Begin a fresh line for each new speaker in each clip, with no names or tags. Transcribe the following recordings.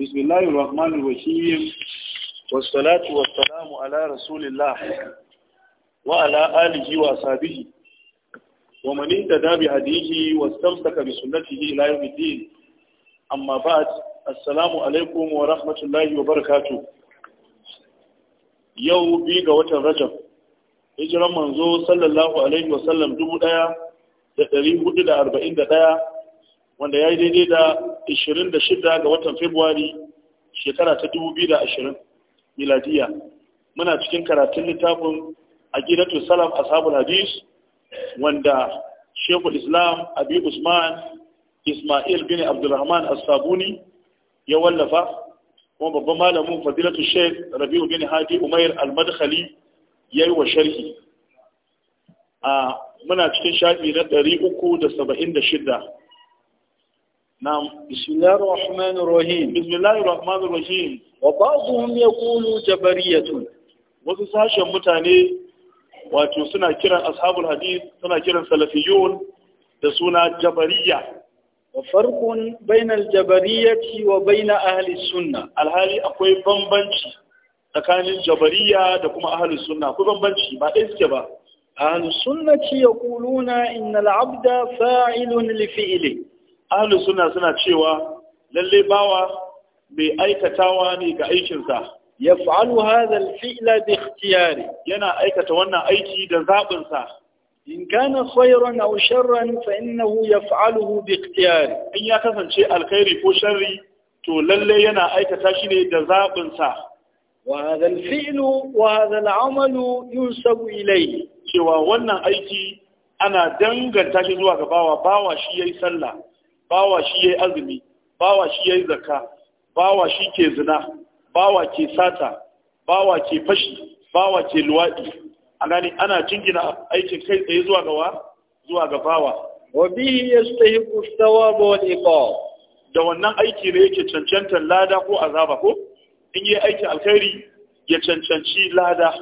بسم الله الرحمن الرحيم والصلاة والسلام على رسول الله وعلى آله وصحبه ومن اهتدى بهديه واستمسك بسنته إلى يوم الدين أما بعد السلام عليكم ورحمة الله وبركاته يوم بيغا وتر رجب hijiran manzo sallallahu alaihi wasallam dubu ɗaya da ɗari hudu da دايا da wanda ya yi daidai da 26 ga watan Fabrairu shekara ta 2020 miladiya muna cikin karatun littafin a Salam a sabon hadis wanda shekul Islam Abi Usman Ismail bin Abdulrahman As-Sabuni ya wallafa kuma babban malamin fadilatu Sheikh Rabi'u bin Hadi Umair Al-Madkhali yayi wa sharhi a muna cikin shafi na 376 نعم بسم الله الرحمن الرحيم بسم الله الرحمن الرحيم وبعضهم يقول جبرية wasu sashen mutane wato suna kiran ashabul hadith suna kiran salafiyun da suna jabariya wa farqun bainal jabariyati wa bain ahli sunna alhali akwai bambanci tsakanin jabariya da kuma ahli sunna akwai bambanci ba ɗaya suke ba ahli sunnati yaquluna innal abda fa'ilun li ahlus sunna suna cewa lalle bawa mai aikatawa ne ga aikinsa yaf'alu hadha al-fi'la bi ikhtiyari yana aikata wannan aiki da zabin sa in kana khayran aw sharran fa innahu yaf'aluhu bi ikhtiyari in ya kasance alkhairi ko sharri to lalle yana aikata shi ne da zabin sa wa hadha al-fi'lu wa hadha al-amalu yunsabu ilayhi cewa wannan aiki ana danganta shi zuwa ga bawa bawa shi yayi sallah bawa shi yayi azumi bawa shi yayi zakka bawa shi ke zina bawa ke sata bawa ke fashi bawa ke luwadi a gani ana jingina aikin kai tsaye zuwa ga zuwa ga bawa wa bihi yastahiqu thawab wal iqab da wannan aiki ne yake cancantar lada ko azaba ko in yi aikin alkhairi ya cancanci lada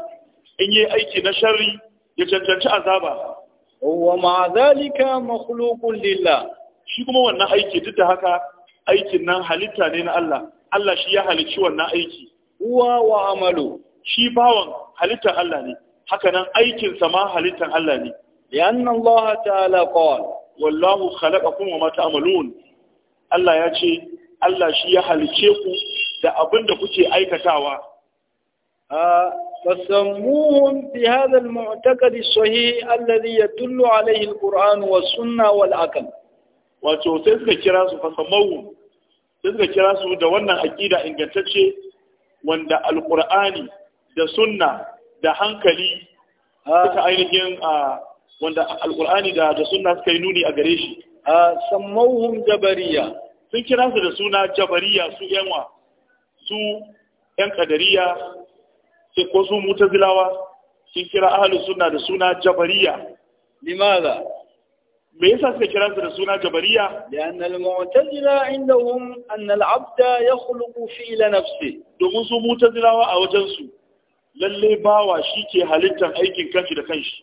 in yi aiki na sharri ya cancanci azaba wa ma zalika makhluqun lillah shi kuma wannan aiki duk da haka aikin nan halitta ne na Allah Allah shi ya halicci wannan aiki uwa wa amalu shi bawan halittar Allah ne haka nan aikin sa ma halittar Allah ne lianna Allah ta'ala wallahu khalaqakum wa ma ta'malun Allah ya ce Allah shi ya halicce ku da abin da kuke aikatawa فسموهم بهذا المعتقد Alayhi الذي يدل wa القرآن والسنة والعقل wato sai suka kira su fasamawu sai suka kira su da wannan aƙida ingantacce wanda alƙur'ani da sunna da hankali ah. suka ainihin ah, wanda alƙur'ani da da sunna suka yi nuni a gare shi a ah, sammauhum jabariya sun kira su da suna jabariya su yanwa su yan kadariya sai ko su mutazilawa sun kira ahlus sunna da suna jabariya limaza me yasa suka kira su da suna jabariya lian al-mu'tazila indahum an al-abd yakhluqu fi la nafsi domin su mu'tazilawa a wajen su lalle bawa shike halittar aikin kanshi da kanshi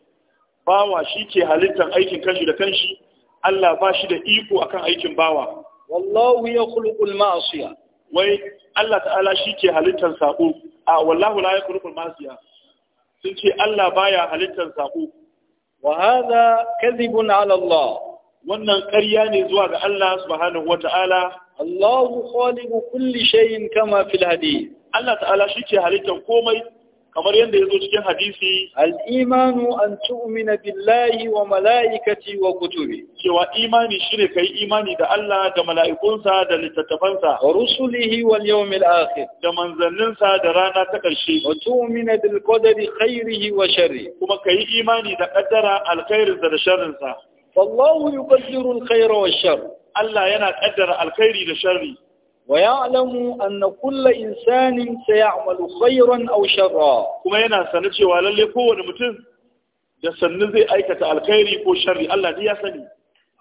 bawa shike halittar aikin kanshi da kanshi Allah ba shi da iko akan aikin bawa wallahu yakhluqu al-ma'siya wai Allah ta'ala shike halittar sako a wallahu la yakhluqu al-ma'siya sun ce Allah baya halittar sako wa hadha kadhibun wannan ƙarya ne zuwa ga Allah subhanahu wata'ala Allahu khaliqu kulli shay'in kama fil hadith Allah ta'ala shi ke halittar komai kamar yadda ya zo cikin hadisi al'imanu an tu'mina billahi wa mala'ikati wa kutubi cewa imani shine kai imani da Allah da mala'ikunsa da littattafansa wa rusulihi wal yawmil akhir da manzanninsa da rana ta ƙarshe wa tu'mina bil qadari khairihi wa sharri kuma kai imani da kaddara alkhairinsa da sharrinsa wallahu yuqaddiru al wa sharr Allah yana kaddara alkhairi da sharri ويعلم أن كل إنسان سيعمل خيرا أو شرا كما ينا سنتي وعلى اللي قوة نمتن جسنزي أيكة الخير كو شر الله دي يسني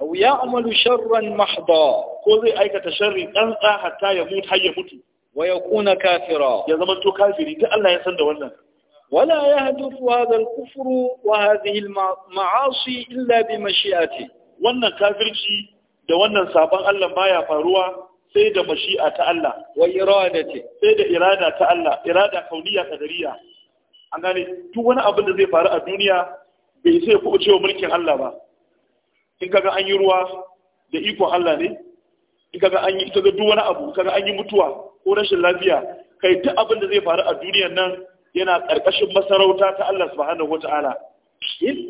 أو يعمل شرا محضا كوزي أيكة شر أنقى حتى يموت حي يموت ويكون كافرا يا زمان تو كافري دي الله يسند ولا ولا يهدف هذا الكفر وهذه المعاصي إلا بمشيئته wannan kafirci da wannan sabon Allah baya faruwa sai da mashi'a ta Allah wa ce. sai da irada ta Allah irada kauniya kadariya an gane duk wani abin da zai faru a duniya bai sai ku cewa mulkin Allah ba in kaga an yi ruwa da iko Allah ne in kaga an yi kaga duk wani abu kaga an yi mutuwa ko rashin lafiya kai duk abin da zai faru a duniyar nan yana karkashin masarauta ta Allah subhanahu wataala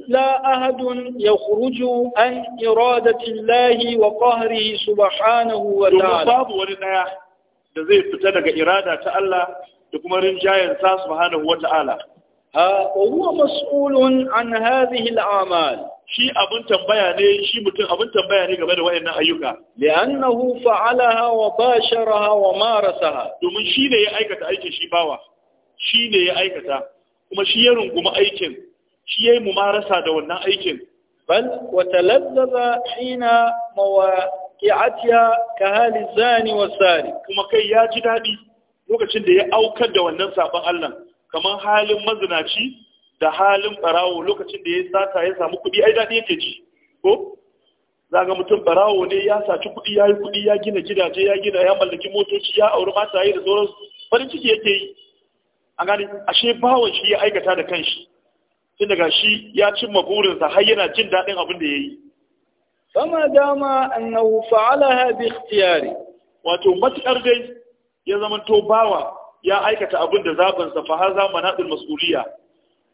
لا أحد يخرج عن إرادة الله وقهره سبحانه وتعالى باب ولنا da zai fita daga irada ta Allah da kuma rinjayen sa subhanahu wa ta'ala ha huwa mas'ulun an hadhihi al'amal shi ne mutum abun tambaya ne game da wayannan ayyuka li'annahu fa'alaha wa basharaha wa domin shi ne ya aikata aikin shi bawa shi ne ya aikata kuma shi ya runguma aikin shi yayi mumarasa da wannan aikin bal wa talazzaza hina mawaqi'atiha ka hali zani wa sari kuma kai ya ji daɗi. lokacin da ya aukar da wannan sabon Allah kamar halin mazinaci da halin barawo lokacin da ya sata ya samu kuɗi ai dadi yake ji ko zaga mutum barawo ne ya saci kuɗi ya yi kuɗi ya gina gidaje ya gina ya mallaki motoci ya auri mataye da sauransu farin ciki yake yi a gani ashe bawon shi ya aikata da kanshi Sai daga shi ya cimma burinsa har yana jin daɗin abin da ya yi fama dama annahu ya bi ikhtiyari wato matuƙar dai ya zamanto bawa ya aikata abin da zaben sa fa har zama naɗin mas'uliya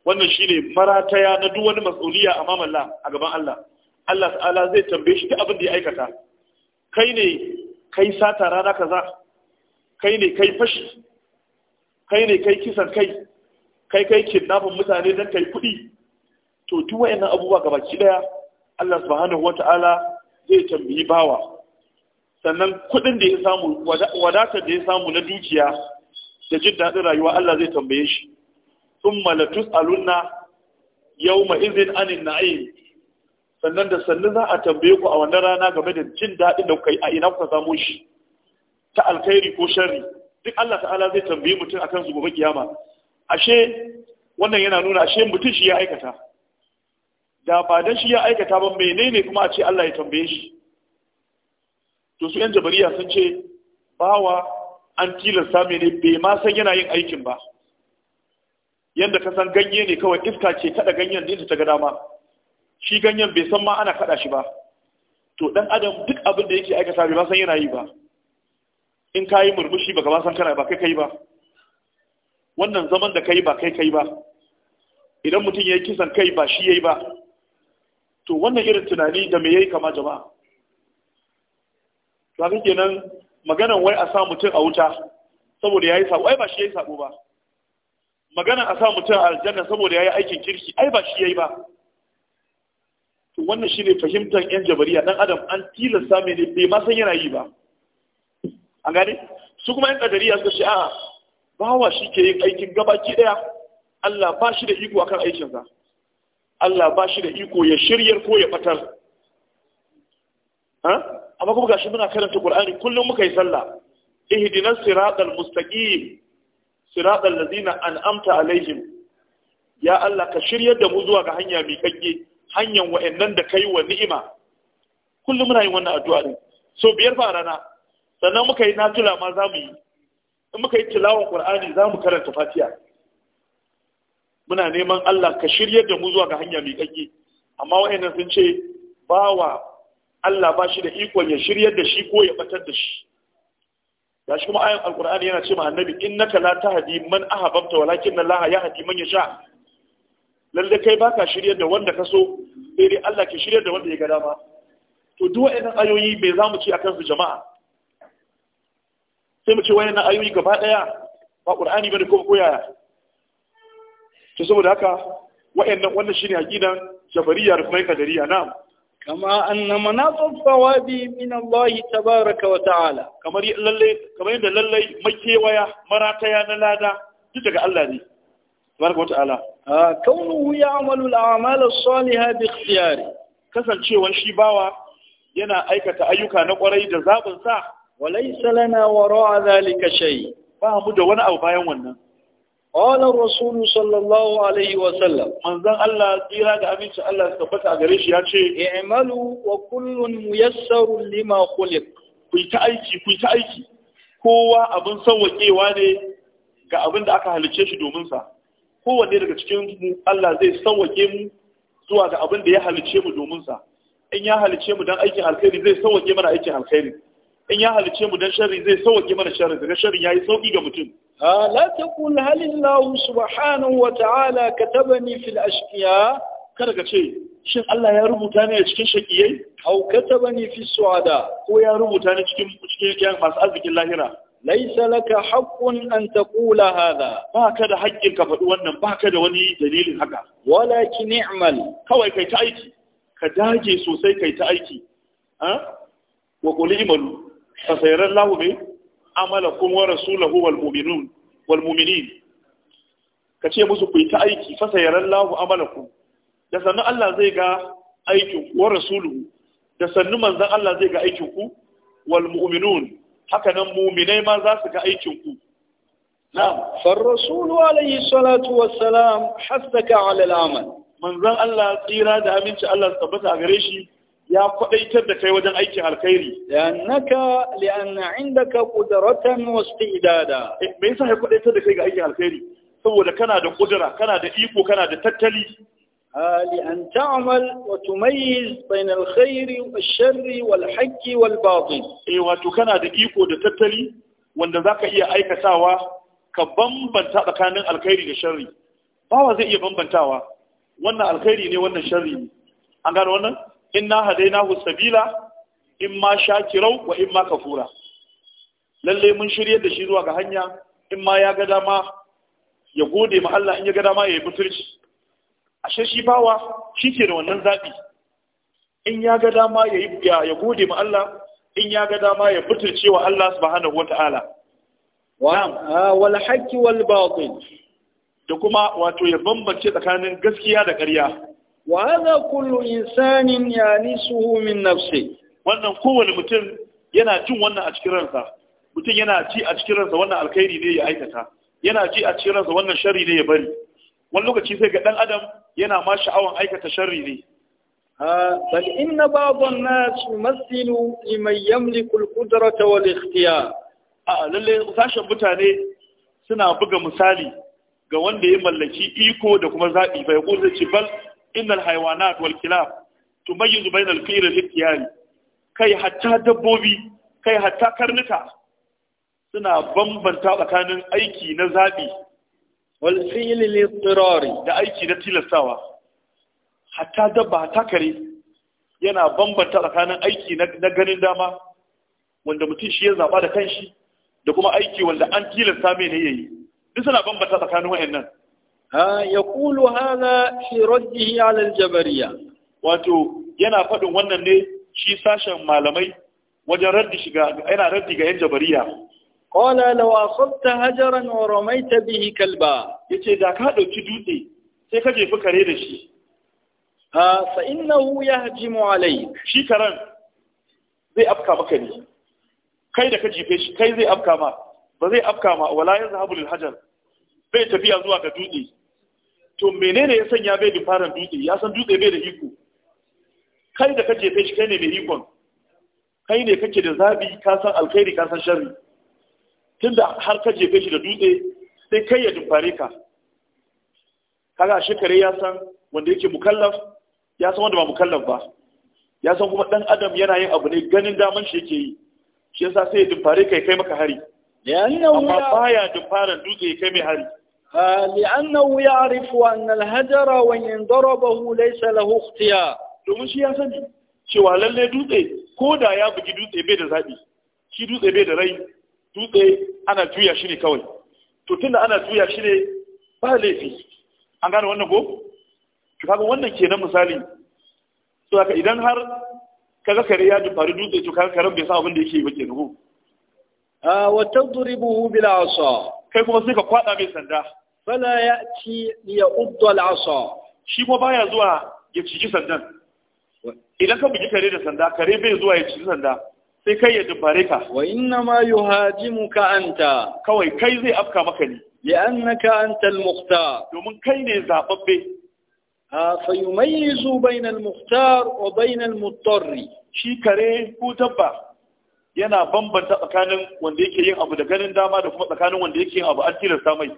wannan shi ne marataya na duk wani mas'uliya a mamalla a gaban Allah Allah ta'ala zai tambaye shi duk abin da ya aikata kai ne kai sata rana kaza kai ne kai fashi kai ne kai kisan kai kai kai kidnafin mutane don kai kuɗi to duk wayannan abubuwa gaba ki daya Allah subhanahu wata'ala zai tambayi bawa sannan kuɗin da ya samu wadatar da ya samu na dukiya da jin daɗin rayuwa Allah zai tambaye shi thumma latus'alunna yawma idhin anin na'im sannan da sannu za a tambaye ku a wannan rana game da jin daɗin da kuka yi a ina kuka samu shi ta alkhairi ko sharri duk Allah ta'ala zai tambaye mutum akan su gobe kiyama ashe wannan yana nuna ashe mutum shi ya aikata da ba dan shi ya aikata ba menene kuma a ce Allah ya tambaye shi to su yan jabariya sun ce bawa an tilasta mai ne bai ma san yana yin aikin ba yanda ka san ganye ne kawai iska ce kada ganyen da ta ga dama shi ganyen bai san ma ana kada shi ba to dan adam duk abin da yake aikata bai ma san yana yi ba in kayi murmushi baka ba san kana ba kai kai ba wannan zaman da kai ba kai kai ba idan mutum ya yi kisan kai ba shi ya yi ba to wannan irin tunani da me ya yi kama jama'a ba kake nan maganan wai a sa mutum a wuta saboda ya yi sabo ai ba shi ya yi sabo ba maganan a sa mutum a aljanna saboda ya yi aikin kirki ai ba shi ya yi ba to wannan shi ne fahimtar yan jabariya dan adam an tilasta mai ne bai ma san yana yi ba an gane su kuma yan kadariya suka ce a'a bawa shi ke yin aikin gabaki ɗaya Allah ba shi da iko akan aikinsa Allah ba shi da iko ya shiryar ko ya fatar amma kuma gashi muna karanta Qur'ani kullum muka yi sallah ihdinas siratal mustaqim siratal ladina an'amta alaihim ya Allah ka shiryar da mu zuwa ga hanya mai kagge hanyar wa'annan da kai wa ni'ima kullum muna yin wannan addu'a ne. so biyar ba rana sannan muka yi tula ma za mu yi in muka yi tilawan qur'ani za mu karanta Fatiya. muna neman Allah ka shirya da mu zuwa ga hanya mai kake amma wayannan sun ce bawa Allah ba shi da ikon ya shirya da shi ko ya batar da shi gashi kuma ayan alqur'ani yana ce annabi innaka la tahdi man ahbabta walakin Allah yahdi man yasha lalle kai baka shirya da wanda ka so sai dai Allah ke shiryar da wanda ya ga dama to duk wayannan ayoyi bai mu ci a kansu jama'a sai mu ce wayannan ayoyi gaba ɗaya. ba qur'ani bane ko koyaya to saboda haka wayannan wannan shine aqidan jabariya da kuma kadariya na. kama anna manaqib sawabi min Allah tabaaraka wa ta'ala kamar lalle kamar yadda lalle marata ya na lada duk daga Allah ne tabaaraka wa ta'ala kaunuhu ya'malu al-a'mal as-salihah bi ikhtiyari kasancewan shi bawa yana aikata ayyuka na kwarai da zabin sa walaysa lana wara'a zalika shay ba mu da wani abu bayan wannan qala rasulu sallallahu alaihi wa sallam manzon Allah tsira da abinci Allah suka fata a gare shi ya ce i'malu wa kullun muyassarun lima khuliq ku ta aiki ku ta aiki kowa abin sawwakewa ne ga abin da aka halice shi domin sa kowanne daga cikin mu Allah zai sawwake mu zuwa ga abin da ya halice mu domin sa in ya halice mu don aikin alkhairi zai sauke mana aikin alkhairi in ya halice mu dan sharri zai sauke mana sharri daga sharri yayi sauki ga mutum la taqul hal illahu subhanahu wa ta'ala katabani fil ashqiya ka ce shin Allah ya rubuta ni a cikin shaqiyai aw katabani fi su'ada ko ya rubuta ni cikin cikin yan masu arzikin lahira laysa laka haqqun an taqula hadha ba ka da haƙƙin ka faɗi wannan ba ka da wani dalilin haka walakin Nimal. kawai kai ta aiki ka dage sosai kai ta aiki ha wa qul i'malu fasayran lahu bi amalakum wa rasulahu wal mu'minun wal kace musu ku yi ta aiki fasayran lahu amalakum da sannu Allah zai ga aikin ku wa rasuluhu da sannu manzon Allah zai ga aikin ku wal mu'minun haka nan mu'minai ma za su ga aikin ku نعم فالرسول عليه الصلاة والسلام حثك على العمل من ذا الله تيرا دا منش a gare shi? ya kwadaitar da kai wajen aikin alkhairi li'annaka li'anna indaka qudratan wa istidada eh, me yasa ya kwadaitar da kai ga aikin alkhairi saboda kana da kudura kana da iko kana da tattali لأن تعمل وتميز بين الخير والشر والحق والباطل da وتكنا دقيقو دتتلي iya aikatawa ka bambanta ساوا alkhairi da sharri. والشر zai iya bambantawa. Wannan alkhairi ne wannan sharri ne. An gano wannan? inna hadainahu sabila imma shakirau wa imma kafura lalle mun shirye da shi zuwa ga hanya in ma ya ga dama ya gode ma Allah in ya ga dama ya yi mutunci ashe shi bawa shi ke da wannan zaɓi in ya ga dama ya gode ma Allah in ya ga dama ya mutunce wa Allah subhanahu wata'ala ah, wal haqqi wal batil da kuma wato ya bambance tsakanin gaskiya da ƙarya wa hadha kullu insanin yanisuhu min nafsi wannan kowane mutum yana jin wannan a cikin ransa mutum yana ji a cikin ransa wannan alkhairi ne ya aikata yana ji a cikin ransa wannan sharri ne ya bari wani lokaci sai ga dan adam yana ma sha'awan aikata sharri ne bal inna ba'dhan nas yumathilu liman yamliku alqudrata qudrata wal ikhtiyar a lalle sashen mutane suna buga misali ga wanda ya mallaki iko da kuma zaɓi bai ko zai ce bal innal haywanat wal kilab tumayyizu bainal qir al ikhtiyari kai hatta dabbobi kai hatta karnuka suna bambanta tsakanin aiki na zaɓi. wal fi'l al istirari da aiki na tilastawa hatta dabba hatta kare yana bambanta tsakanin aiki na ganin dama wanda mutum shi ya zaba da kanshi da kuma aiki wanda an tilasta mai ne yayi duk suna bambanta tsakanin wayannan يقول هذا في رده على الجبرية wato yana faɗin wannan ne shi sashen malamai wajen raddi shiga yana raddi ga yan jabariya qala law asabta hajaran wa ramaita bihi kalba yace da ka dauki dutse sai ka jefi kare da shi ha fa innahu yahjimu alayk shi karan zai afka maka ne kai da ka jefe shi kai zai afka ma ba zai afka ma wala yazhabu lil hajar bai tafiya zuwa ga dutse to menene ya sanya bai faran dutse ya san dutse bai da iko kai da kake fe shi kai ne mai ikon kai ne kake da zabi ka san alkhairi ka san sharri tunda har ka jefe shi da dutse sai kai ya dumfare ka kaga shi ya san wanda yake mukallaf ya san wanda ba mukallaf ba ya san kuma dan adam yana yin abu ne ganin daman shi yake yi shi yasa sai ya dumfare kai kai maka hari amma baya dumfaran dutse kai mai hari لأنه يعرف أن الهجر وإن ضربه ليس له اختيار domin shi ya sani cewa lalle dutse ko da ya bugi dutse bai da zaɓi shi dutse bai da rai dutse ana juya shi ne kawai to tunda ana juya shi ne ba laifi an gane wannan ko to kaga wannan kenan misali to haka idan har kaga kare ya dubari dutse to kaga karen bai sa abin da yake ba kenan ko wa tadribuhu bila asa kai kuma sai ka kwada mai sanda fala ya ci ya uddal shi kuma baya zuwa ya ciki sandan idan ka bugi kare da sanda kare bai zuwa ya ciki sanda sai kai ya dubbare ka wa inna ma yuhajimuka anta kawai kai zai afka maka ne li'annaka anta al-mukhtar domin kai ne zababbe فيميز بين المختار وبين المضطر shi kare ko dabba yana bambanta tsakanin wanda yake yin abu da ganin dama da kuma tsakanin wanda yake yin abu an tilasta mai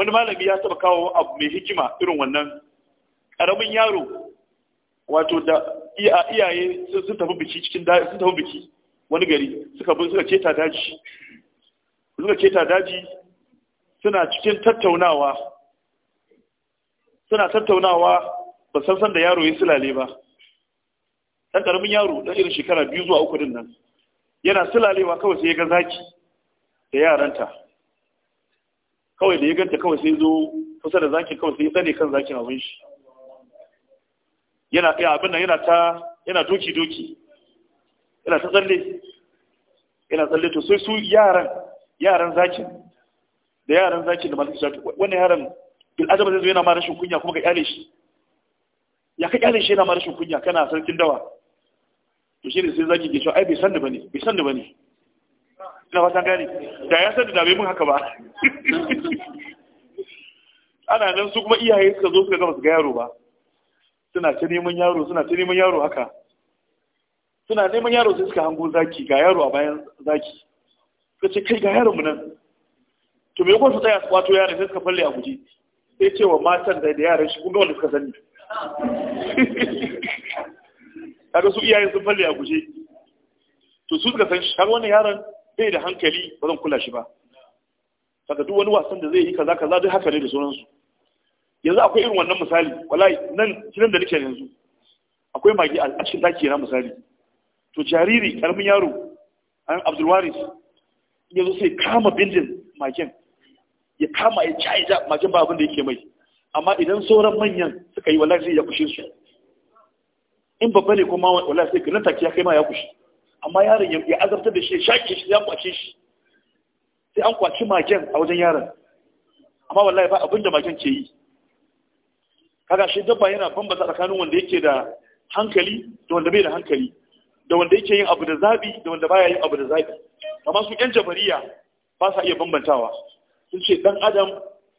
wani malami ya taba kawo abu mai hikima irin wannan karamin yaro wato da iyaye sun tafi biki cikin sun tafi biki wani gari suka bi suka keta daji suka keta daji suna cikin tattaunawa suna tattaunawa ba san san da yaro ya sulale ba dan karamin yaro dan irin shekara biyu zuwa uku din nan yana sulalewa kawai sai ya ga zaki da yaranta kawai da ya ganta kawai sai zo kusa da zakin kawai sai zane kan zakin abin shi yana ya abin nan yana ta yana doki doki yana ta tsalle yana tsalle to sai su yaran yaran zakin da yaran zakin da masu shafi wannan yaran bil azaba zai zo yana ma rashin kunya kuma ka kyale shi ya ka kyale shi yana ma rashin kunya kana sarkin dawa to shi ne sai zaki ke cewa ai bai san da bane bai san da bane na fatan gani, da ya sani da bai mun haka ba ana nan su kuma iyaye suka zo suka gama su ga yaro ba suna ta neman yaro suna ta neman yaro haka suna neman yaro sai suka hango zaki ga yaro a bayan zaki suka ce kai ga yaron mu nan to me kuma su tsaya su kwato yaron sai suka falle a guje sai cewa matan da da yaran shi kun ga wanda suka sani kaga su iyayen sun falle a guje to su suka san shi kaga wannan yaron bai da hankali ba zan kula shi ba saka duk wani wasan da zai yi kaza kaza duk haka ne da sauransu yanzu akwai irin wannan misali wallahi nan kiran da nake yanzu akwai magi a cikin daki na misali to jariri karamin yaro an abdulwaris yanzu sai kama bindin magen ya kama ya ca ja magen ba abin da yake mai amma idan sauran manyan suka yi wallahi zai ya kushe su in babba ne kuma wallahi sai ka nan take ya kai ma ya kushe amma yaron ya azabtar da shi ya shaƙe shi ya kwace shi sai an kwaci magen a wajen yaron amma wallahi ba abin da magen ke yi kaga shi dabba yana bambanta tsakanin wanda yake da hankali da wanda bai da hankali da wanda yake yin abu da zabi da wanda baya yin abu da zabi amma su yan jabariya ba sa iya bambantawa sun ce dan adam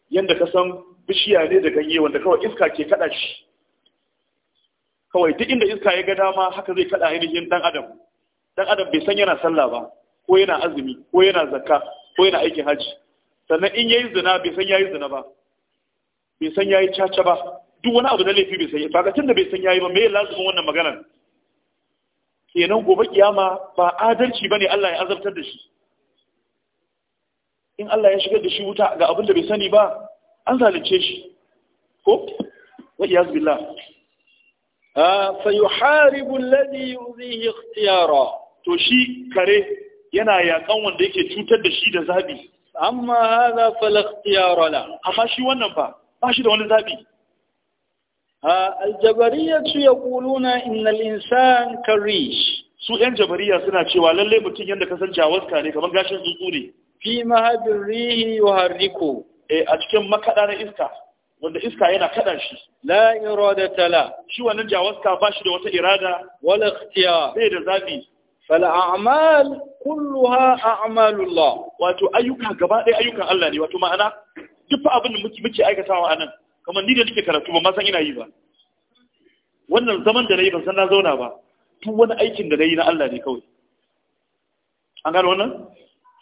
yanda ka san bishiya ne da ganye wanda kawai iska ke kada shi kawai duk inda iska ya ga dama haka zai kada ainihin dan adam dan adam bai san yana sallah ba ko yana azumi ko yana zakka ko yana aikin hajji. sannan in yayi zina bai san yayi zina ba bai san yayi caca ba duk wani abu na laifi bai san ba tun da bai san yayi ba me lazumin wannan maganar kenan gobe kiyama ba adalci bane Allah ya azabtar da shi in Allah ya shigar da shi wuta ga abin da bai sani ba an zalunce shi ko wa iyaz billah fayuharibu alladhi yuzihi ikhtiyara to shi kare yana yakan wanda yake cutar da shi da zabi amma hadha fal ikhtiyara la amma shi wannan fa ba shi da wani zabi aljabariya su ya kuluna innal insan karish su yan jabariya suna cewa lallai mutum yanda kasance a waska ne kamar gashin tsuntsu ne fi mahabin eh, a cikin makaɗa na iska wanda iska yana kada shi la iradata la shi wannan jawaska ba shi da wata irada wala ikhtiyar Sai da zabi fal a'mal kulluha a'malullah wato ayyuka gaba ɗaya ayyukan Allah ne wato ma'ana duk abin da muke muke aikatawa anan kamar ni da nake karatu ba ma san ina yi ba wannan zaman da nayi ban san na zauna ba Tun wani aikin da nayi na Allah ne kawai an gano wannan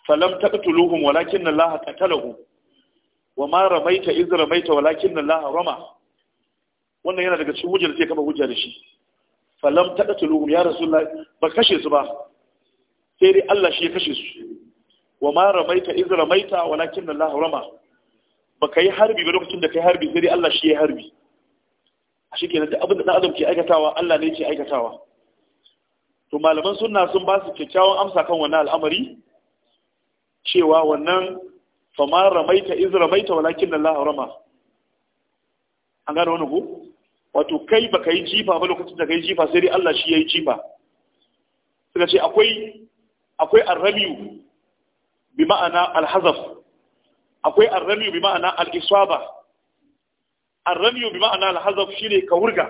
falam taqtuluhum walakin Allah qatalahum wa ma ramaita iz ramaita walakin Allah rama wannan yana daga cikin hujjar sai kama hujja da shi falam taqtuluhum ya rasulullah ba kashe su ba sai dai Allah shi ya kashe su wa ma ramaita iz ramaita walakin Allah rama ba kai harbi ba lokacin da kai harbi sai dai Allah shi ya harbi a shi ke duk abin da adam ke aikatawa Allah ne ke aikatawa to malaman sunna sun ba su kyakkyawan amsa kan wannan al'amari cewa wannan fa ma ramaita iz ramaita walakin Allah rama an gane wani ku wato kai baka yi jifa ba lokacin da kai jifa sai dai Allah shi yayi jifa suka ce akwai akwai arramiyu bi ma'ana alhazaf akwai arramiyu bi ma'ana al arramiyu bi ma'ana alhazaf shine ka wurga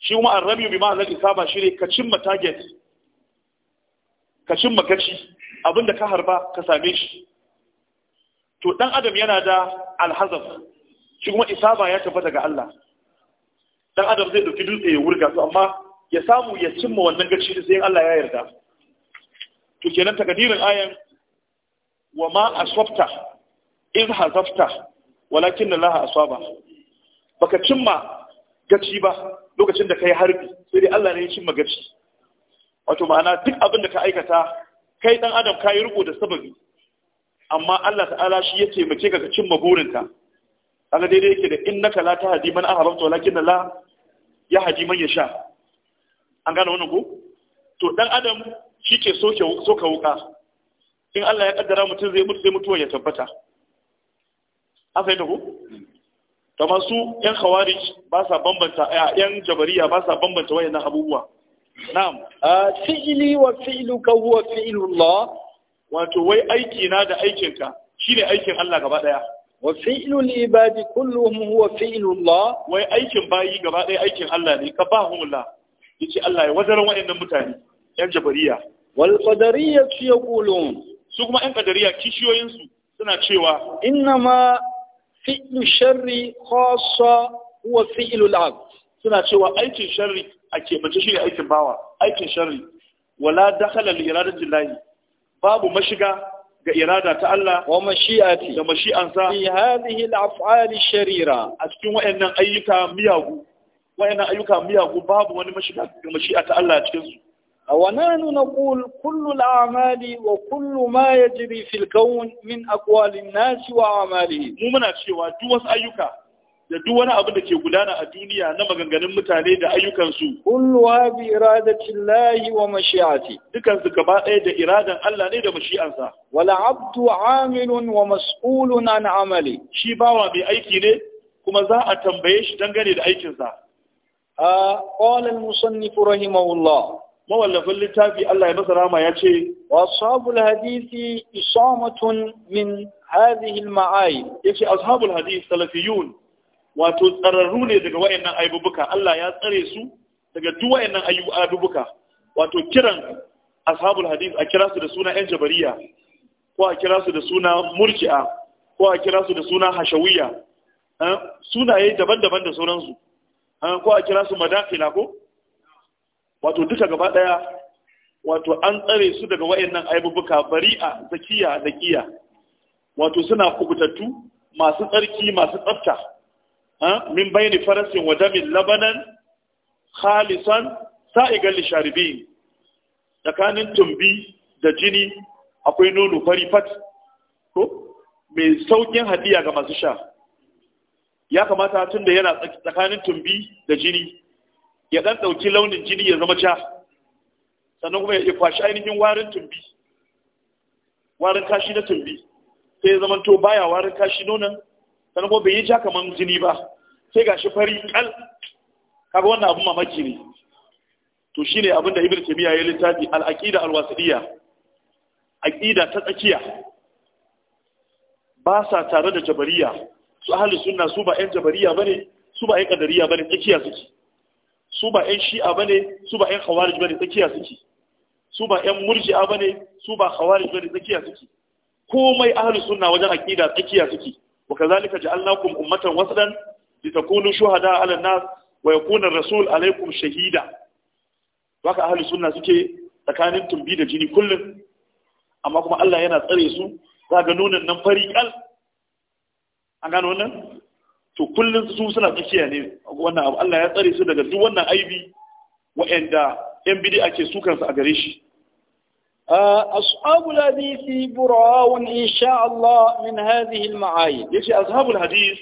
shi kuma arramiyu bi ma'ana al shi shine ka cimma target ka cimma kaci abinda ka harba ka same shi to dan adam yana da alhazab shi kuma isaba ya tabbata daga Allah dan adam zai dauki dutse ya wurga su amma ya samu ya cimma wannan gaci da sai Allah ya yarda to kenan takadirin ayan wa ma aswabta in hazafta walakin Allah asaba baka cimma gaci ba lokacin da kai harbi sai dai Allah ne ya cimma gaci wato ma'ana duk abin da ka aikata kai dan adam kai riko da sababi amma Allah ta'ala shi ya taimake ka cin cimma burinka dai daidai yake da innaka la tahdi man ahbabta walakin la yahdi man yasha an gane wannan ko to dan adam shi ke soke soka wuka in Allah ya kaddara mutum zai mutu sai mutuwa ya tabbata an fahimta ko to masu yan khawarij ba sa bambanta yan jabariya ba sa bambanta wayannan abubuwa na'am fi'li wa fi'luka huwa fi'lullah wato wai aiki na da aikinka shine aikin Allah gaba daya wa fi'lul ibadi kulluhum huwa fi'lullah wai aikin bayi gaba daya aikin Allah ne ka bahumullah yace Allah ya wazaran wayannan mutane yan jabariya wal qadariyya yaqulun su kuma yan qadariya kishiyoyin su suna cewa innama fi'lu sharri khassa huwa fi'lul abd suna cewa aikin sharri a keɓance shi ne aikin bawa aikin sharri wala dakhala li iradati llahi babu mashiga ga irada ta Allah wa mashi'ati da mashi'ansa fi hadhihi al-af'ali sharira a cikin wayannan ayyuka miyagu babu wani mashiga ga mashi'a ta Allah cikin su wa nanu naqul kullu amali wa kullu ma yajri fi al-kawn min aqwali an-nas wa a'malihi mu muna cewa duk wasu ayyuka da duk wani abu da ke gudana a duniya na maganganun mutane da ayyukansu. Kulluwa bi iradatin lahi wa mashi'ati. Dukansu gaba ɗaya da iradan Allah ne da mashi'ansa. Wala abdu amilun wa mas'ulun an amali. Shi bawa mai aiki ne kuma za a tambaye shi dangane da aikinsa. A ƙwalan musannifu rahimahullah. mawallafin littafi Allah ya masa rama ya ce, Wasabul hadisi isamatun min hadhihi al-ma'ayib. Yace ashabul hadi salafiyun wato tsararru ne daga nan aibubuka Allah ya tsare su daga duk nan aibubuka wato kiran ashabul hadith a kira su da suna yan jabariya ko a kira su da suna murji'a ko a kira su da suna hashawiyya eh, sunaye daban-daban da sauransu eh, ko a kira su madakila ko wato duka gaba daya wato an tsare su daga wayannan aibubuka bari'a zakiya da kiya wato suna kubutattu masu tsarki masu tsafta min bayni farasin wa damin labanan khalisan sa'igan lisharibin tsakanin tumbi da jini akwai nono fari fat ko mai saukin hadiya ga masu sha ya kamata tun da yana tsakanin tumbi da jini ya dan dauki launin jini ya zama ja sannan kuma ya kwashi ainihin warin tumbi warin kashi na tumbi sai ya zama to baya warin kashi nonon sannan kuma bai yi ja kamar jini ba sai ga shi fari kal kaga wannan abun mamaki ne to shine abin da ibnu taymiya ya littafi al-aqida al-wasiliya aqida ta tsakiya ba sa tare da jabariya su ahli sunna su ba yan jabariya bane su ba yan kadariya bane tsakiya suke su ba yan shi'a bane su ba yan khawarij bane tsakiya suke su ba yan murji'a bane su ba khawarij bane tsakiya suke komai ahli sunna wajen aqida tsakiya suke wa kazalika ja'alnakum ummatan wasdan litakunu shuhada 'ala an-nas wa yakuna ar-rasul 'alaykum shahida haka ahli sunna suke tsakanin tumbi da jini kullum amma kuma Allah yana tsare su za ga nunan nan fari kal an gano wannan to kullum su suna tsakiya ne wannan Allah ya tsare su daga duk wannan aibi wa'anda yan bidi ake su a gare shi أصحاب الحديث براء إن شاء الله من هذه المعايب يجي أصحاب الحديث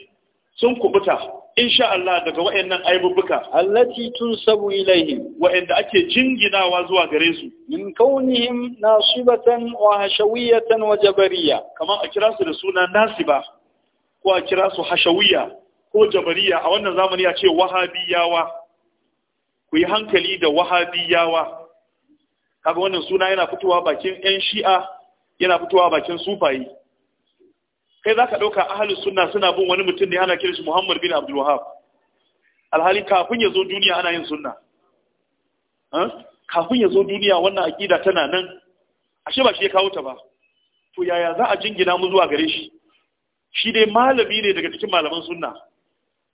سنكو بتا إن شاء الله دك وإن أيب بكا التي تنسب إليهم وإن أكي جنجنا وزوا غريزو من كونهم ناصبة وهشوية وجبرية كما أكراس رسولنا ناصبة وأكراس حشوية وجبرية أو أن زامن يأتي وهابية ku yi hankali da wahabiyawa kaga wannan suna yana fitowa bakin yan shi'a yana fitowa bakin sufayi kai zaka dauka ahli sunna suna bin wani mutum ne ana kiran shi Muhammad bin Abdul Wahhab alhali kafin ya zo duniya ana yin sunna kafin ya zo duniya wannan aqida tana nan ashe ba shi ya kawo ta ba to yaya za a jingina mu zuwa gare shi shi dai malami ne daga cikin malaman sunna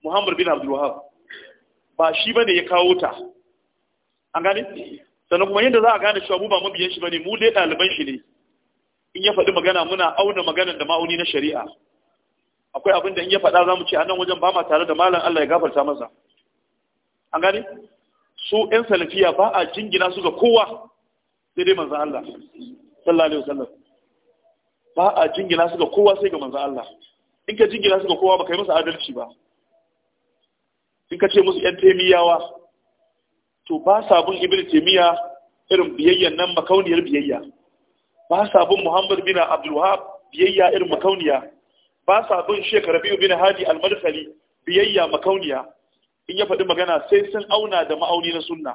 Muhammad bin Abdul Wahhab ba shi bane ya kawo ta an gane sannan kuma yadda za a gane cewa mu ba mabiyan shi bane mu dai ɗaliban shi ne in ya faɗi magana muna auna maganar da ma'auni na shari'a akwai abin da in ya faɗa za mu ce a nan wajen ba ma tare da malam Allah ya gafarta masa an gane su ƴan salafiya ba a jingina su ga kowa sai dai manzan Allah sallallahu alaihi wasallam ba a jingina su ga kowa sai ga manzan Allah in ka jingina su ga kowa ba kai musu adalci ba in ka ce musu ƴan temiyawa to ba sa bin ibn taymiya irin biyayya nan makauniyar biyayya ba sa bin muhammad bin abdul wahab biyayya irin makauniya ba sa bin shek rabi'u bin hadi al-madkhali biyayya makauniya in ya faɗi magana sai sun auna da ma'auni na sunna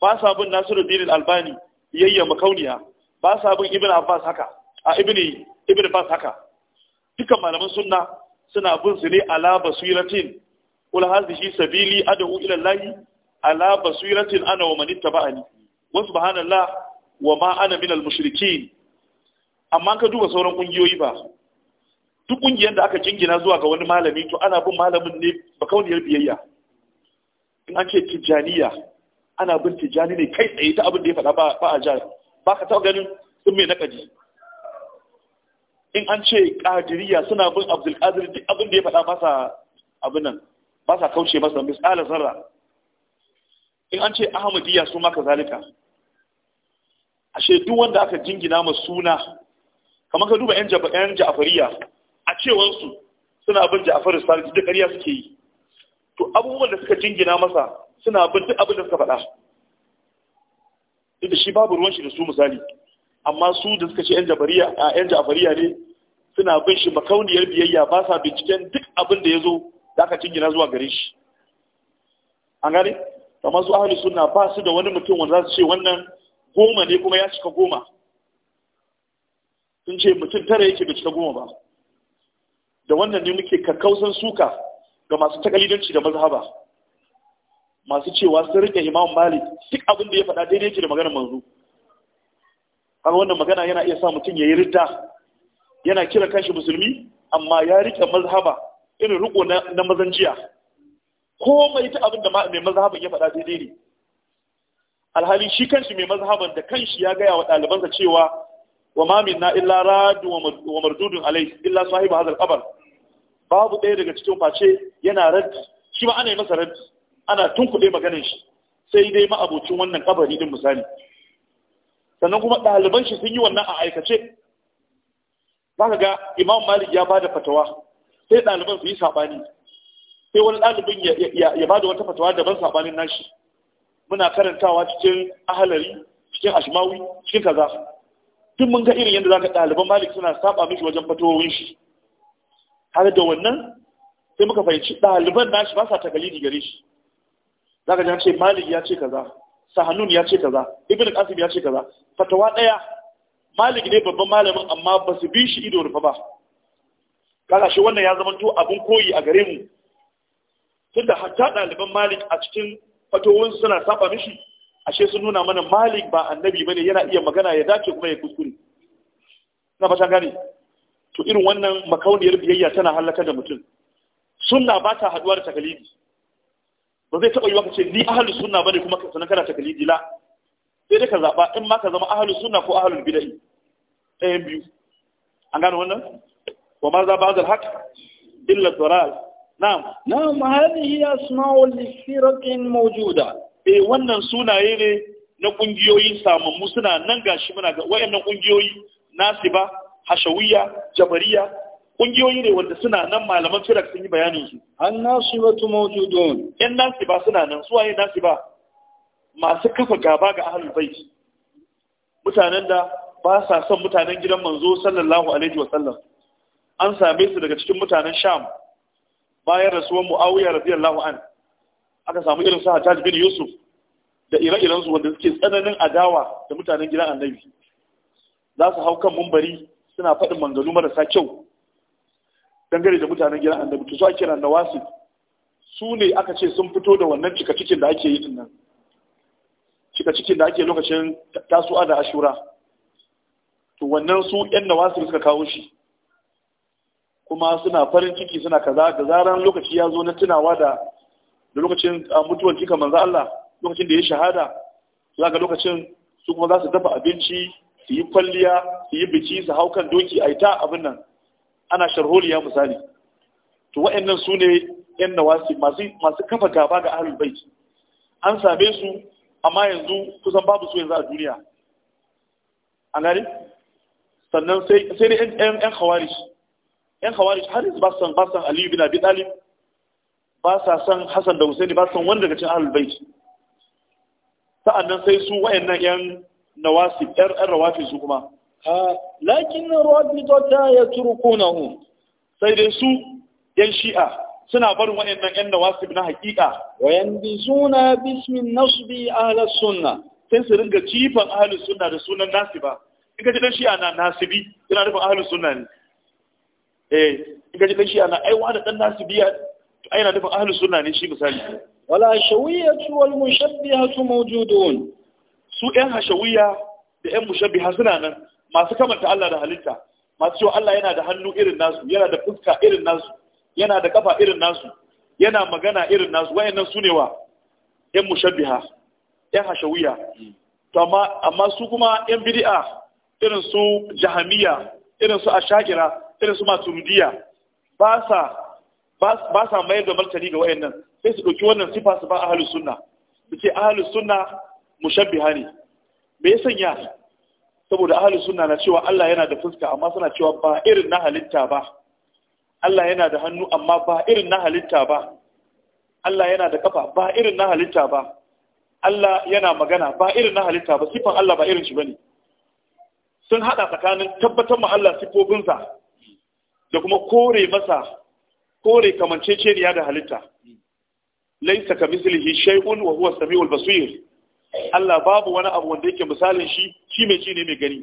ba sa bin nasiruddin al-albani biyayya makauniya ba sa bin ibn abbas haka a ibni ibn abbas haka duka malaman sunna suna bin su ne ala basiratin ul hadhihi sabili ad'u ila allahi ala basiratin ana wa man ittaba'ani wa subhanallah wa ma ana min al-mushrikeen amma ka duba sauran kungiyoyi ba duk kungiyar da aka jingina zuwa ga wani malami to ana bin malamin ne ba kauniyar biyayya in an ce tijaniya ana bin tijani ne kai tsaye ta abin da ya faɗa ba a jari ba ka taɓa ganin sun mai nakaji in an ce ƙadiriya suna bin abdulkadir duk abin da ya faɗa ba sa abin nan ba sa kauce masa misalar zarra in an ce ahamadiyya su maka zalika ashe duk wanda aka jingina ma suna kamar ka duba yan ja'afariya a cewansu suna bin ja'far sadiq da ƙarya suke yi to abubuwan da suka jingina masa suna bin duk abin da suka faɗa duk da shi babu ruwan shi da su misali amma su da suka ce yan ja'afariya ne suna bin shi makauniyar biyayya ba sa binciken duk abin da ya zo da aka jingina zuwa gare shi an gane kamar su ahli sunna ba su da wani mutum wanda za su ce wannan goma ne kuma ya cika goma sun ce mutum tara yake bai cika goma ba da wannan ne muke kakkausan suka ga masu takalidanci da mazhaba masu cewa sun rike imam malik duk abinda ya faɗa daidai yake da maganar manzo har wannan magana yana iya sa mutum ya yi ridda yana kira kanshi musulmi amma ya rike mazhaba irin riko na mazan jiya komai ta abin da mai mazhaban ya faɗa daidai ne alhali shi kanshi mai mazhaban da kanshi ya gaya wa ɗalibansa cewa wa ma na illa radu wa mardudun alai illa sahibu hadal qabr babu ɗaya daga cikin face yana raddi shi ma ana yi masa raddi ana tunkuɗe maganar shi sai dai ma'abocin wannan kabari din misali sannan kuma ɗaliban shi sun yi wannan a aikace Ba ka ga imam malik ya ba da fatawa sai ɗaliban su yi saɓani sai wani ɗalibin ya ba da wata fatawa daban saɓanin nashi muna karantawa cikin ahalari cikin ashmawi cikin kaza Tun mun ga irin yadda zaka ɗaliban malik suna saba mishi wajen fatowowin shi har da wannan sai muka fahimci ɗaliban nashi ba sa takalidi gare shi zaka ji ce malik ya ce kaza sahanun ya ce kaza ibn qasim ya ce kaza fatawa ɗaya malik ne babban malamin amma ba su bi shi ido rufa ba kaga shi wannan ya zama to abun koyi a gare mu tunda hatta ɗaliban malik a cikin fatowin suna saba mishi ashe sun nuna mana malik ba annabi bane yana iya magana ya dace kuma ya kuskure na fata gane to irin wannan makauniyar biyayya tana halaka da mutum sunna ba ta haduwa da takalidi ba zai taɓa yi maka ce ni ahalus sunna bane kuma sanan kana takalidi la sai dai ka zaɓa in ma ka zama ahalus sunna ko ahalul bida'i ɗayan biyu an gane wannan wa ma za ba zal illa dalal na'am na'am hadhihi asma'u li firqin mawjuda eh wannan sunaye ne na kungiyoyi samammu suna nan gashi muna ga wayannan kungiyoyi nasiba hashawiyya jabariya kungiyoyi ne wanda suna nan malaman firak sun yi bayanin su an nasibatu mawjudun yan nasiba suna nan su waye nasiba masu kafa gaba ga ahlul bait mutanen da ba sa son mutanen gidan manzo sallallahu alaihi wasallam an same su daga cikin mutanen sham bayan rasuwar mu'awiyar radiyallahu an aka samu irin su hajjaj bin yusuf da ire-iren su wanda suke tsananin adawa da mutanen gidan annabi za su hau kan mumbari suna faɗin mangalu marasa kyau dangare da mutanen gidan annabi to su ake kira nawasi su ne aka ce sun fito da wannan cika cikin da ake yi nan cika cikin da ake lokacin tasu'a da ashura to wannan su yan nawasi suka kawo shi kuma suna farin ciki suna kaza da zaran lokaci ya zo na tunawa da da lokacin mutuwar kika, manzo Allah lokacin da ya shahada zaka lokacin su kuma za su dafa abinci su yi kwalliya su yi biki su hau kan doki a ita abin nan ana sharholiya misali to wa'annan su ne yan nawasi masu kafa gaba ga ahlul bait an same su amma yanzu kusan babu su yanzu a duniya a gani? sannan sai ne yan yan khawarij yan khawarij har yanzu ba san ba san Ali bin Abi Talib ba sa san Hassan da Husaini ba san wanda daga cikin Ahlul Bait sa'annan sai su wayannan yan nawasi yar yar rawafi su kuma lakin rawafidota yatrukunahu sai dai su yan shi'a suna barin wayannan yan nawasi na haqiqa wayan bizuna bismin nasbi ahlus sunna sai su ringa jifan ahlus sunna da sunan nasiba in ka ji dan shi'a na nasibi yana nufin ahlus sunna ne eh in gaji dan shi ana ai wani dan nasu biya to ai yana nufin ahlus sunna ne shi misali wala shawiyatu wal mushabbihatu mawjudun su ɗan hashawiyya da ɗan mushabbiha suna nan masu kamanta Allah da halitta masu cewa Allah yana da hannu irin nasu yana da fuska irin nasu yana da kafa irin nasu yana magana irin nasu wayannan su ne wa ɗan mushabbiha ɗan hashawiyya to amma amma su kuma ɗan bid'a irin su jahamiya irin su ashakira irin su maturidiya ba sa mayar da martani ga wayannan sai su ɗauki wannan sifa su ba ahalus sunna su ce ahalus sunna mushabbiha ne me ya sanya saboda halin sunna na cewa Allah yana da fuska amma suna cewa ba irin na halitta ba Allah yana da hannu amma ba irin na halitta ba Allah yana da kafa ba irin na halitta ba Allah yana magana ba irin na halitta ba sifan Allah ba irin shi bane sun hada tsakanin tabbatar ma Allah sifofinsa da kuma kore masa kore kamanceceniya da halitta laisa ka mislihi shay'un wa huwa samiul basir Allah babu wani abu wanda yake misalin shi shi mai ji ne mai gani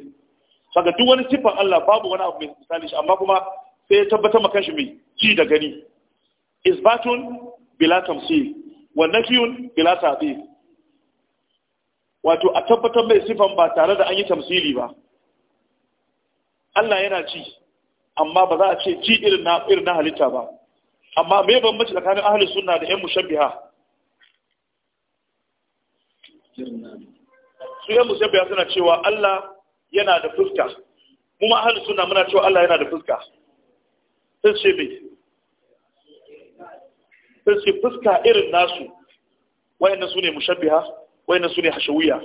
saka duk wani sifan Allah babu wani abu mai misalin shi amma kuma sai ya tabbatar maka shi mai ji da gani isbatun bila tamsil wa nafiyun bila ta'dil wato a tabbatar mai sifan ba tare da an yi tamsili ba Allah yana ci amma ba za a ce ji irin na irin na halitta ba amma me bambanci tsakanin ahlus sunna da yan mushabbiha su yan mushabbiha suna cewa Allah yana da fuska mu ma ahlus sunna muna cewa Allah yana da fuska sai ce me sai ce fuska irin nasu wayannan ne mushabbiha wayannan ne hashawiyya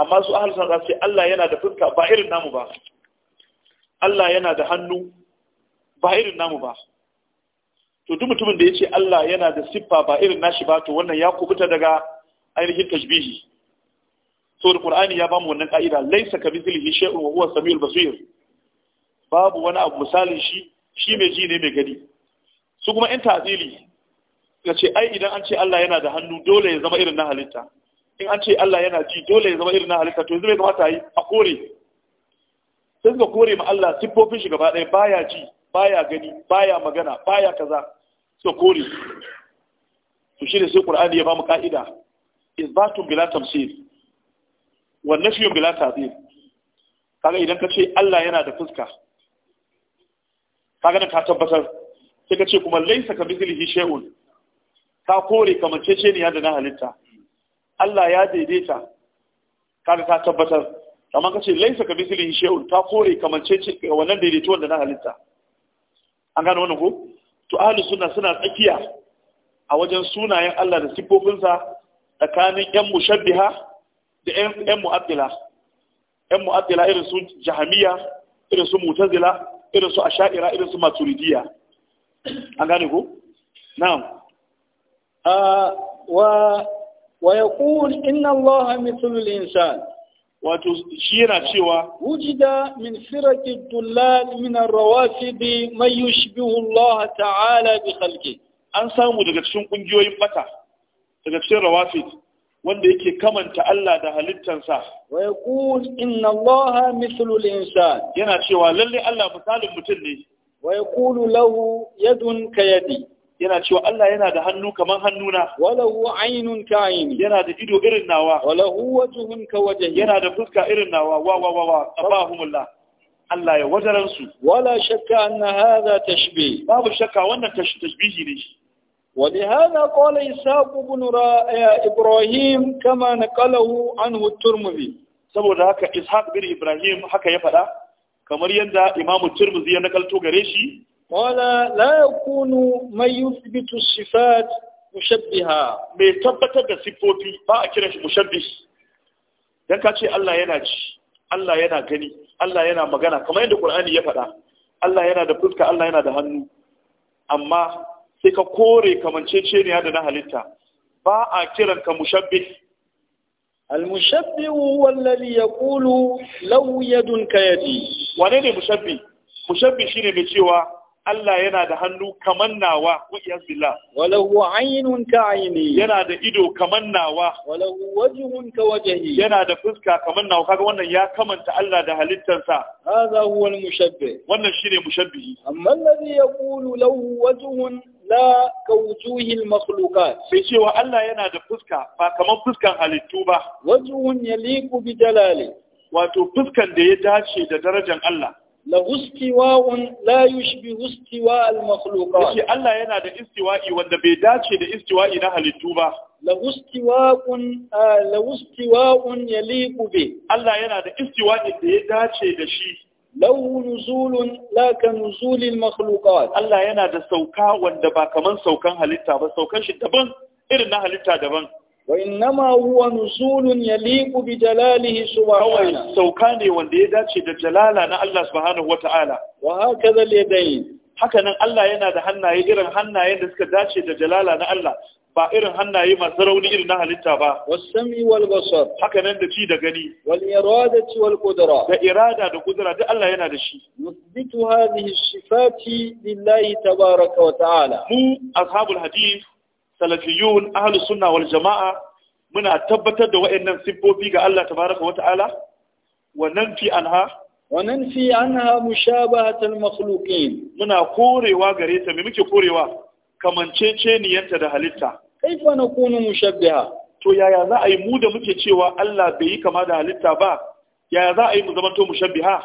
amma su ahlus sunna ce Allah yana da fuska ba irin namu ba Allah yana da hannu ba irin namu ba to duk mutumin da ya ce Allah yana da siffa ba irin nashi ba to wannan ya kubuta daga ainihin tashbihi so da Qur'ani ya bamu wannan ka'ida laysa zilihi shay'un wa huwa samiul basir babu wani abu misalin shi shi mai ji ne mai gani su kuma in ta'zili ya ce ai idan an ce Allah yana da hannu dole ya zama irin na halitta in an ce Allah yana ji dole ya zama irin na halitta to yanzu bai kamata yi a kore sai suka kore ma Allah siffofin shi gaba ɗaya baya ji baya gani baya magana baya kaza suka kore to shi ne sai Qur'ani ya ba mu ka'ida isbatun bila tamsil wa nafyun bila ta'dil kaga idan ka ce Allah yana da fuska kaga ka tabbatar sai ka ce kuma laisa ka mithlihi shay'un ka kore kamanceceniya da na halitta Allah ya daidaita kaga ka tabbatar amma kace laisa ka mislihi shay'un ta kore kamance ce wannan daidaito wanda na halitta an gane wannan ko to ahlus sunna suna tsakiya a wajen sunayen Allah da sifofinsa tsakanin yan mushabbiha da yan yan mu'attila yan mu'attila irin su jahamiya irin su mutazila irin su asha'ira irin su maturidiya an gane ko na'am ah, wa wa yaqul inna allaha mithlu al-insan wato shi yana cewa wujida min firaki dullal min ar-rawafid man yushbihu Allah ta'ala bi khalqi an samu daga cikin kungiyoyin bata daga cikin rawafid wanda yake kamanta Allah da halittarsa wa yaqul inna Allah mithlu al-insan yana cewa lalle Allah misalin mutum ne wa yaqulu lahu yadun ka yadi yana cewa Allah yana da hannu kaman hannuna walahu aynun ka ayni yana da ido irin nawa walahu wajhun ka wajhi yana da fuska irin nawa wa wa wa wa tabahumullah Allah ya wajaran su wala shakka anna hadha tashbih babu shakka wannan tashbihi ne shi ولهذا قال إسحاق بن إبراهيم كما نقله عنه الترمذي saboda haka Ishaq bin Ibrahim haka ya faɗa kamar yadda Imam Tirmidhi ya nakalto gare wala la yakunu man yuthbitu sifat mushabbiha mai tabbatar da siffofi ba a kiran shi mushabbih dan ka ce Allah yana ci Allah yana gani Allah yana magana kamar yadda Qur'ani ya faɗa Allah yana da fuska Allah yana da hannu amma sai ka kore ne da na halitta ba a kiran ka mushabbih المشبه هو الذي يقول لو يدك يدي wane ne mushabbi mushabbi shine mai cewa Allah yana da hannu kaman nawa wa iyaz billah walahu aynun ka ayni yana da ido kaman nawa walahu wajhun ka wajhi yana da fuska kaman nawa kaga wannan ya kamanta Allah da halittarsa hadha huwa al-mushabbih wannan shine mushabbihi amma alladhi yaqulu lahu wajhun la kawujuhil makhluqat sai cewa Allah yana da fuska ba kaman fuskan halittu ba wajhun yaliqu bi jalali wato fuskan da ya dace da darajar Allah lahu istiwa'un la yushbihu istiwa makhluqat shi Allah yana da istiwa'i wanda bai dace da istiwa'i na halittu ba La istiwa'un lahu istiwa'un yaliqu bi Allah yana da istiwa'i da ya dace da shi lahu nuzulun la ka nuzulil makhluqat Allah yana da sauka wanda ba kaman saukan halitta ba saukan shi daban irin na halitta daban وإنما هو نزول يليق بجلاله سبحانه سوكاني وندي داتي دجلالا نا الله سبحانه وتعالى وهكذا اليدين hakanan Allah yana da hannaye irin hannayen da suka dace da jalala na Allah ba irin hannaye masu rauni irin na halitta ba wasami wal basar hakanan da ci da gani wal iradati wal kudura. da irada da kudura duk Allah yana da shi musbitu hadhihi sifati lillahi tabaaraka wa ta'ala mu ashabul hadith salafiyun ahlus sunna wal jama'a muna tabbatar da wa'annan sifofi ga Allah tabaraka wa ta'ala wa nanfi anha wa nanfi anha mushabahatul makhluqin muna korewa gare ta me muke korewa kamanceceniyanta da halitta kaifa nakunu mushabbiha to yaya za a yi mu da muke cewa Allah bai yi kama da halitta ba yaya za a yi mu zamanto mushabbiha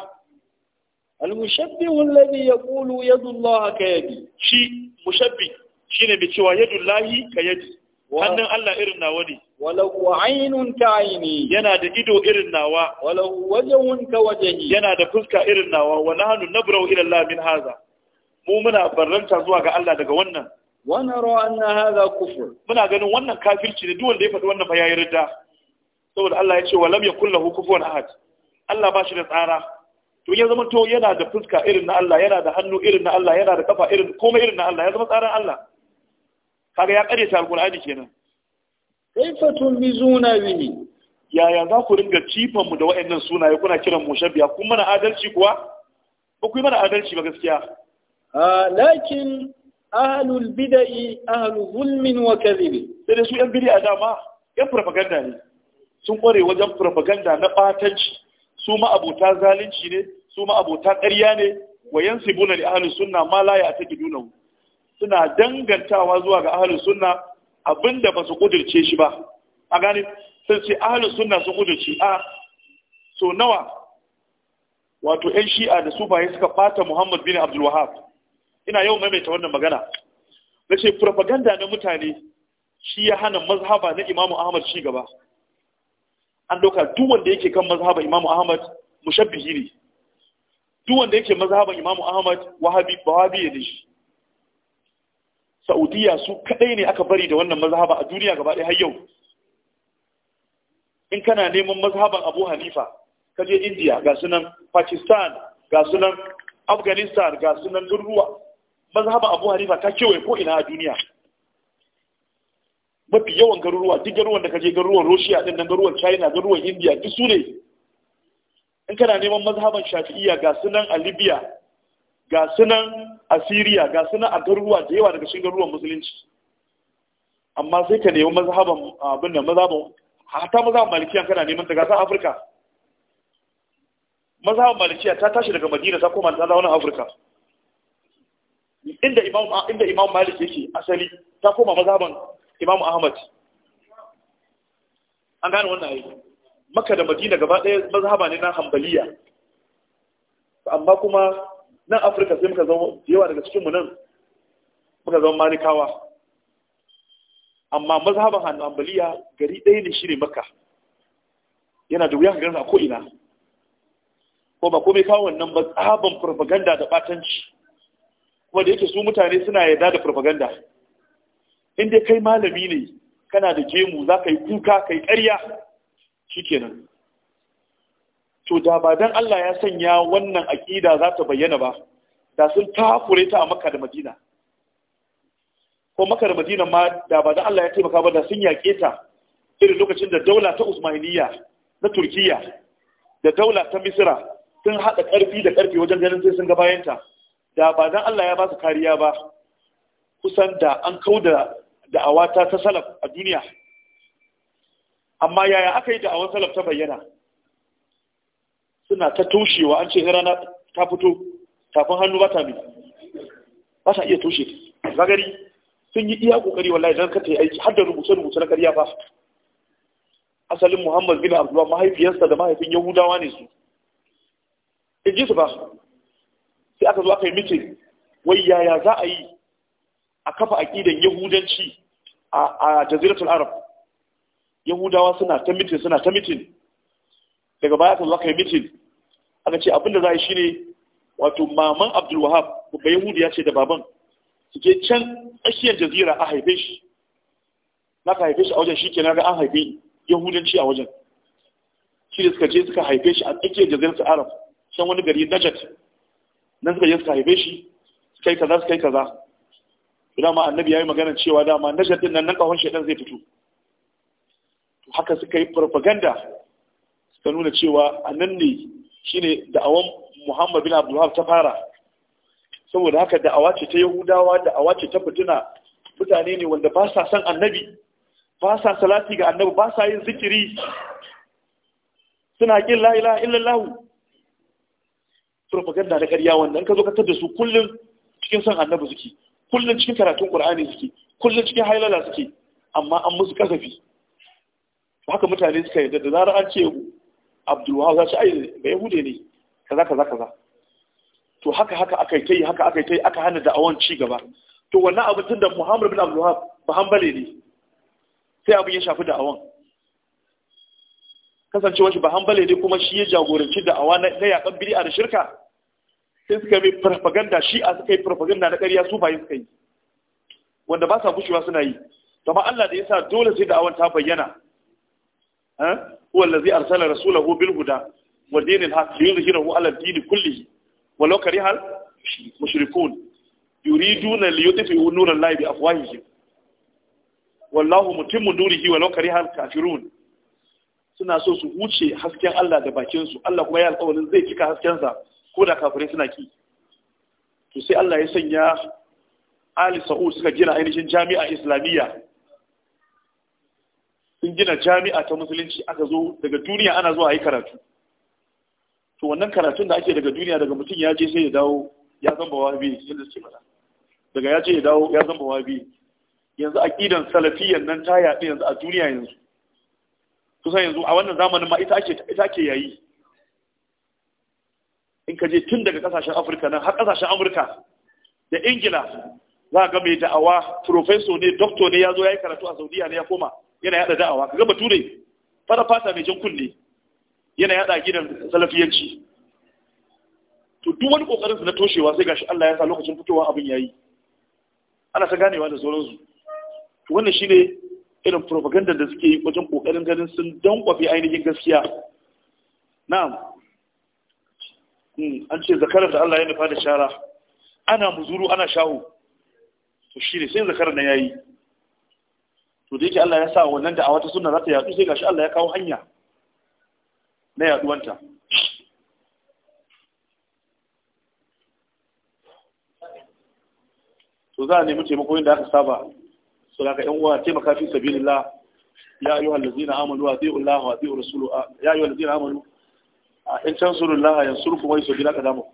al mushabbihu alladhi yaqulu yadu Allah shi mushabbi shine bi cewa lahi ka yadi hannun Allah irin nawa ne walahu aynun ka ayni yana da ido irin nawa walahu wajhun ka wajhi yana da fuska irin nawa wa nahnu nabrau ila Allah min haza mu muna barranta zuwa ga Allah daga wannan wa nara anna hadha kufr muna ganin wannan kafirci ne duk wanda ya faɗi wannan fa yayi ridda saboda Allah ya ce wa lam yakul lahu kufuwan ahad Allah ba shi da tsara to ya zama to yana da fuska irin na Allah yana da hannu irin na Allah yana da kafa irin komai irin na Allah ya zama tsaran Allah kaga ya kare ta alqur'ani kenan kaifa tumizuna bihi yaya za ku ringa cifan mu da waɗannan sunaye kuna kiran mu shabiya kun mana adalci kuwa ba ku mana adalci ba gaskiya ah, lakin ahlul bid'i ahlul zulmin wa kadhib sai da su yan bid'a dama yan propaganda ne sun kware wajen propaganda na batanci su ma abota zalunci ne su ma abota ƙarya ne wa yansibuna li ahli sunna ma la ya'taqiduna suna dangantawa zuwa ga ahlus sunna abinda ba su kudirce shi ba a gani sun ce ahlus sunna sun kudirce a so nawa wato yan shi'a da sufaye suka fata Muhammad bin Abdul wahab ina yau maimaita wannan magana ce propaganda na mutane shi ya hana mazhaba na Imam Ahmad shi gaba an doka duk wanda yake kan mazhaba Imam Ahmad mushabbihi ne duk wanda yake mazhaban Imam Ahmad wahabi wahabi ne shi saudiya su kadai ne aka bari da wannan mazhaba a duniya gaba ɗaya har yau in kana neman mazhaban abu hanifa ka je india ga sunan pakistan ga sunan afghanistan ga sunan durruwa mazhaban abu hanifa ta kewaye ko ina a duniya mafi yawan garuruwa duk garuruwan da ka je garuruwan russia din nan garuruwan china garuruwan india duk su ne in kana neman mazhaban shafi'iyya ga sunan a libya ga sunan asiriya, ga sunan a garuruwa da yawa daga shiga ruwan musulunci amma sai ka nemi mazhaban abin da mazhaban hata mazhaban malikiya kana neman ta gasar Afirka mazhaban malikiya ta tashi daga Madina ta koma ta zauna Afirka inda imam inda imam Malik yake asali ta koma mazhaban Imam Ahmad an gane wannan ayi Makka da Madina gaba ɗaya mazhaba ne na Hanbaliya amma kuma nan afirka sai muka zama yawa daga cikinmu nan muka zama malikawa amma mazhaban ambaliya gari ɗaya ne shi ne maka. yana da wuya ka gansa a ko'ina ko ba komai kawo wannan mazhaban farfaganda da batanci kuma da yake su mutane suna yarda da farfaganda Inda kai malami ne kana da gemu za ka yi kuka ka yi ƙarya kenan to da ba dan Allah ya sanya wannan aƙida za ta bayyana ba da sun takure ta a Makka da Madina ko Makka da Madina ma da ba dan Allah ya taimaka ba da sun yaƙe ta irin lokacin da daula ta Usmaniyya na Turkiyya da daula ta Misra sun haɗa ƙarfi da ƙarfi wajen ganin sai sun ga bayanta da ba dan Allah ya ba su kariya ba kusan da an da da'awata ta salaf a duniya amma yaya aka yi da'awar salaf ta bayyana suna ta toshewa an ce in rana ta fito tafin hannu ba ta mi ba ta iya toshe zagari sun yi iya kokari wallahi dan ka ta yi aiki har da rubuce rubuce na kariya ba asalin muhammad bin abdullah mahaifiyarsa da mahaifin yahudawa ne su in ji su ba sai aka zo aka yi mitin wai yaya za a yi a kafa aƙidan yahudanci a jaziratul arab yahudawa suna ta mitin suna ta mitin daga baya ka zo aka yi mitin aka ce abinda za a yi shi ne wato maman abdul wahab babban yahudu ya ce da baban su je can ashiyar jazira a haife shi na ka haife shi a wajen shi ke na ga an haife yahudanci a wajen shi da suka je suka haife shi a tsakiyar jazira arab can wani gari najat nan suka je suka haife shi suka yi kaza suka yi kaza dama annabi ya yi magana cewa dama najat din nan nan kawon shaidan zai fito haka suka yi propaganda suka nuna cewa a nan ne shine da'awan Muhammad bin Abdul ta fara saboda haka da'awa ce ta Yahudawa da'awa ce ta fitina mutane ne wanda ba sa son annabi ba sa salati ga annabi ba sa yin zikiri suna kin la ilaha illallah propaganda na ƙarya wannan ka zo ka tada su kullum cikin son annabi suke kullum cikin karatun qur'ani suke kullum cikin haylala suke amma an musu kasafi haka mutane suka yi da zarar an ce abdul wahab ya ce ai ba yahude ne kaza kaza kaza to haka haka aka yi haka aka yi aka hana da'awan ci gaba to wannan abin tun da muhammad bin abdul ba hanbale ne sai abin ya shafi da'awan kasancewa shi ba hanbale ne kuma shi ya jagoranci da'awa na yakan bid'a da shirka sai suka yi farfaganda shi a suka yi farfaganda na ƙarya su bayan suka yi wanda ba sa gushewa suna yi amma Allah da ya sa dole sai da'awan ta bayyana هو الذي أرسل رسوله بالهدى huda wa ليظهره على الدين كله ولو kullihi المشركون يريدون mushrikun yuriduna liyutfi'u nura allahi bi afwahihim wallahu mutimmu nurihi suna so su huce hasken Allah da bakinsu. Allah kuma ya alƙawarin zai cika hasken sa ko da kafirai suna ki to sai Allah ya sanya Ali Sa'ud suka gina ainihin jami'a Islamiyya sun gina jami'a ta musulunci aka zo daga duniya ana zuwa yi karatu to wannan karatun da ake daga duniya daga mutum ya je sai ya dawo ya zamba wahabi yadda suke faɗa daga ya je ya dawo ya zamba wahabi yanzu aqidan salafiyyan nan ta yaɗu yanzu a duniya yanzu kusan yanzu a wannan zamanin ma ita ake ita ake yayi in ka je tun daga kasashen Afirka nan har kasashen Amurka da Ingila za ga mai da'awa professor ne doctor ne ya zo ya yi karatu a Saudiya ne ya koma yana yada da'awa kaga bature fara fata mai jan kunne yana yada gidan salafiyanci to duk wani kokarin su na toshewa sai gashi Allah ya sa lokacin fitowa abin yayi ana ta ganewa da sauransu to wannan shine irin propaganda da suke yi wajen kokarin ganin sun dankwafe ainihin gaskiya na'am hmm, an ce zakarar da Allah ya nufa da shara ana muzuru ana shahu to shine sai zakarar na yayi to da yake Allah ya sa wannan da'awa ta sunna za ta yadu sai gashi Allah ya kawo hanya na yaduwanta to za a nemi taimako inda aka saba su daga yan uwa taimaka fi sabilillah ya ayyuhal ladzina amanu atiu Allah wa atiu rasulu ya ayyuhal ladzina amanu in tansurullaha yansurkum wa ka damu